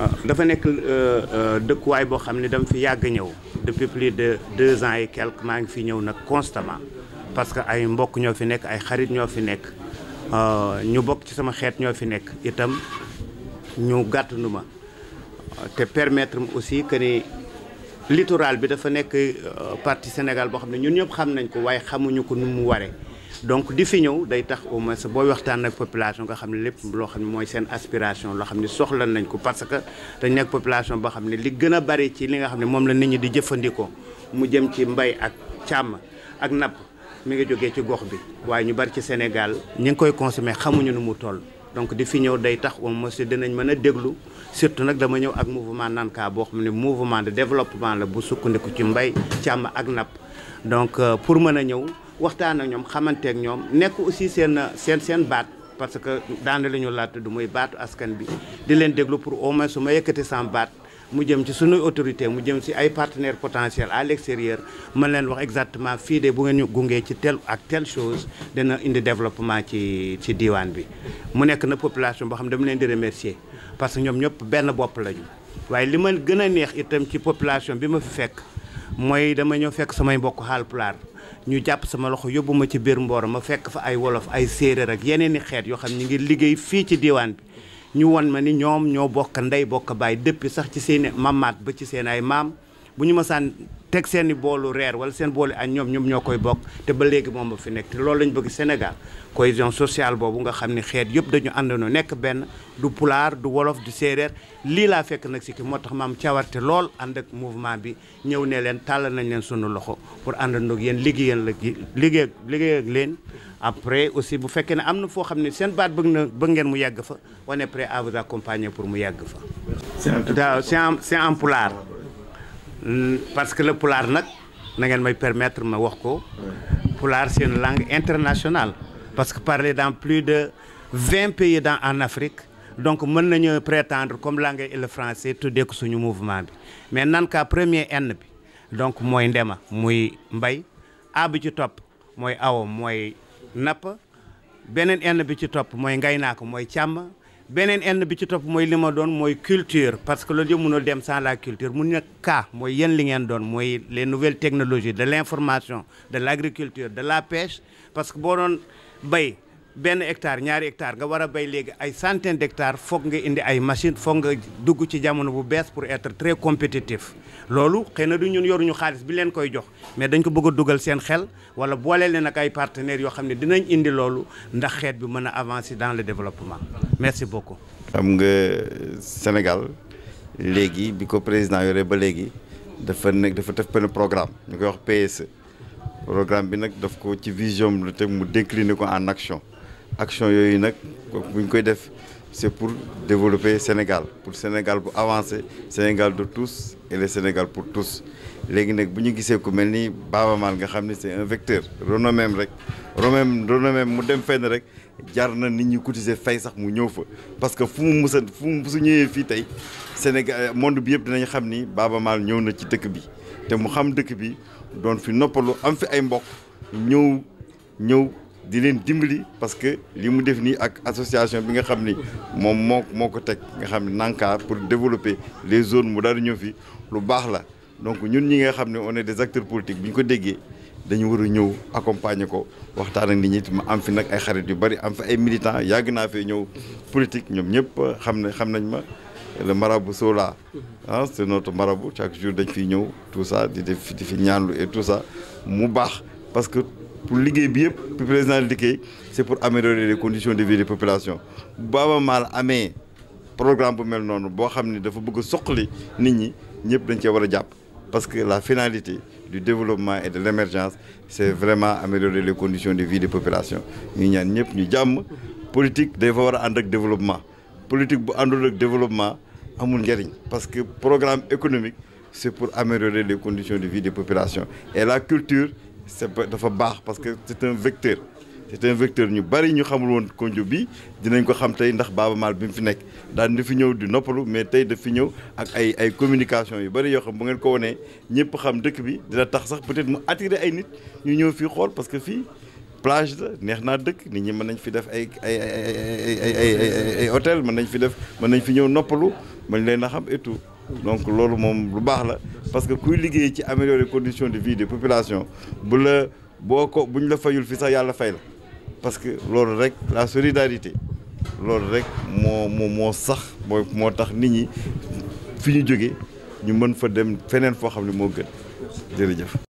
Euh, dafa nekk euh, euh, dëkkuwaay boo xam ne dama fi yàgg ñëw depuis de deux ans yi quelques maa ngi fi ñëw nag constamment parce que ay mbokk ñoo fi nekk ay xarit ñoo fi nekk ñu bokk ci sama xeet ñoo fi nekk itam ñu gàttanu ma te permettre aussi que ni littoral bi dafa nekk partie Sénégal boo xam ne ñun ñëpp xam nañ ko waaye xamuñu ko nu mu waree donc di fi ñëw day tax au moins booy waxtaan ak population nga xam ne lépp loo xam ne mooy seen aspiration loo xam ne soxla nañ ko parce que dañ ak population boo xam ne li gën a bari ci li nga xam ne moom la nit ñi di jëfandikoo mu jëm ci mbay ak càmm ak napp mi ngi jógee ci gox bi waaye ñu bari ci Sénégal ñi ngi koy consommer xamuñu nu mu toll donc di fi ñëw day tax au moins mën a déglu surtout nag dama ñëw ak mouvement Nanka boo xam ne mouvement de développement la bu sukkandiku ci mbay càmm ak napp donc euh, pour mën a ñëw waxtaan ak ñoom xamanteeg ñoom nekk aussi seen seen seen baat parce que daana la ñu laata du muy baatu askan bi di leen déglu pour au moins su ma yëkkati sama baat mu jëm ci suñuy autorité mu jëm ci ay partenaires potentiels à l'extérieur mën leen wax exactement fii de bu ngeen ñu gungee ci tel ak telle chose dana indi développement ci ci diwaan bi mu nekk na population boo xam ne dama leen di remercier parce que ñoom ñëpp benn bopp lañu waaye li ma gën a neex itam ci population bi ma fekk mooy dama ñëw fekk samay mbokk Haalpulaar ñu jàpp sama loxo yóbbu ma ci biir Mboro ma fekk fa ay wolof ay séeréer ak yeneen i xeet yoo xam ñu ngi liggéey fii ci diwaan bi ñu won ma ni ñoom ñoo bokk ndey bokk baay dëppi sax ci seen mamaat ba ci seen ay maam bu ñu ma teg seen i boolu reer wala seen boolu añ ñoom ñoom ñoo koy bokk te ba léegi moom ba fi nekk te loolu lañ bëgg Sénégal cohésion sociale boobu nga xam ni xeet yëpp dañu àndandoo nekk benn du pulaar du wolof du séeréer lii laa fekk nag si ki moo tax maam cawarte lool ànd ak mouvement bi ñëw ne leen tàll nañ leen sunu loxo pour àndandoo ak yéen liggéeyal la liggéey liggéey ak leen après aussi bu fekkee ne am na foo xam ne seen baat bëgg na bëgg ngeen mu yàgg fa on est prêt à vous pour mu yàgg fa c'est en pulaar parce que le pulaar nag na ngeen may permettre ma wax ko pulaar c'est une langue internationale parce que parler dans plus de vingt pays dans en Afrique donc mën nañu prétendre comme langue et le français tuddee ko suñu mouvement bi mais nan ka premier N bi donc mooy ndema muy mbay A bi ci topp mooy aw mooy napp beneen N bi ci topp mooy ngay naa ko mooy càmm beneen end bi ci topp mooy li ma doon mooy culture parce que loolu yëpp mënul dem sans la culture mu nekk cas mooy yéen li ngeen doon mooy les nouvelles technologies de l'information de l'agriculture de la pêche parce que boo doon bay benn hectare ñaari hectare nga war a bay léegi ay centaine d' hectares foog nga indi ay machine foog nga dugg ci jamono bu bees pour être très compétitif loolu xëy na du ñun yoruñu xaalis bi leen koy jox mais dañ ko bëgg a dugal seen xel wala boole leen ak ay partenaires yoo xam ne dinañ indi loolu ndax xeet bi mën a avancer dans le développement merci beaucoup. xam nga Sénégal léegi bi ko président yore ba léegi dafa nekk dafa def benn programme ñu koy wax PSE programme bi nag daf ko ci vision mu teg mu décliner ko en action yooyu nag bu ñu koy def c'est pour développer Sénégal pour Sénégal bu avancer Sénégal de tous et le Sénégal pour tous léegi nag bu ñu gisee ku mel ni Baaba Maal nga xam ne c'est un vecteur renommé rek renommé renommé mu dem fenn rek jar na nit ñi cotiser fay sax mu ñëw fa parce que fu mu musa fu mu ñëwee fii tey Sénégal monde bi yëpp dinañ xam ni Baaba ñëw na ci dëkk bi te mu xam dëkk bi doon fi noppalu am fi ay mbokk ñëw ñëw di leen dimbali parce que li mu def nii ak association bi nga xam ni moom moo moo ko teg nga xam ni Nankaar pour développer les zones mu daal ñëw fi lu baax la donc ñun ñi nga xam ne on des acteurs politiques bi ñu ko déggee dañu war ñëw accompagner ko waxtaan ak nit ñi ma am fi nag ay xarit yu bari am fi ay militants yàgg naa fee ñëw politique ñoom ñëpp xam ne xam nañ ma le marabout Sola ah c'est notre marabout chaque jour dañ fiy ñëw tout ça di def di fi ñaanlu et tout mu baax pour liggéey bi yëpp président liggéey c'est pour améliorer les conditions de vie des populations Baaba Maal amee programme bu mel noonu boo xam ne dafa bëgg a li nit ñi ñëpp dañ cee war a jàpp parce que la finalité du développement et de l'émergence c'est vraiment améliorer les conditions de vie des population ñu ñaan ñëpp ñu jàmm politique dafa war a ànd ak développement politique bu àndul ak développement amul njariñ parce que programme économique c'est pour améliorer les conditions de vie des populations et la culture c'est dafa baax parce que c'est un vecteur c'est un vecteur ñu bari ñu xamul woon Kondio bi dinañ ko xam tey ndax Baaba Maal bi mu fi nekk daal di fi ñëw di noppalu mais tey daf fi ñëw ak ay ay communication yu bari yoo xam bu ngeen ko wonee ñëpp xam dëkk bi dina tax sax peut-être mu attirer ay nit ñu ñëw fii xool parce que fii plage la neex naa dëkk nit ñi mën nañ fi def ay ay ay ay hôtel mën nañ fi def mën nañ fi ñëw noppalu mën leen a xam et donc loolu moom lu baax la parce que kuy liggéey ci améliorer conditions de vie des populations bu la boo ko bu ñu la fayul fi sax yàlla fay la parce que loolu rek la solidarité loolu rek moo moo sax mooy moo tax nit ñi fi ñu jóge ñu mën fa dem feneen foo xam ne moo gën jërëjëf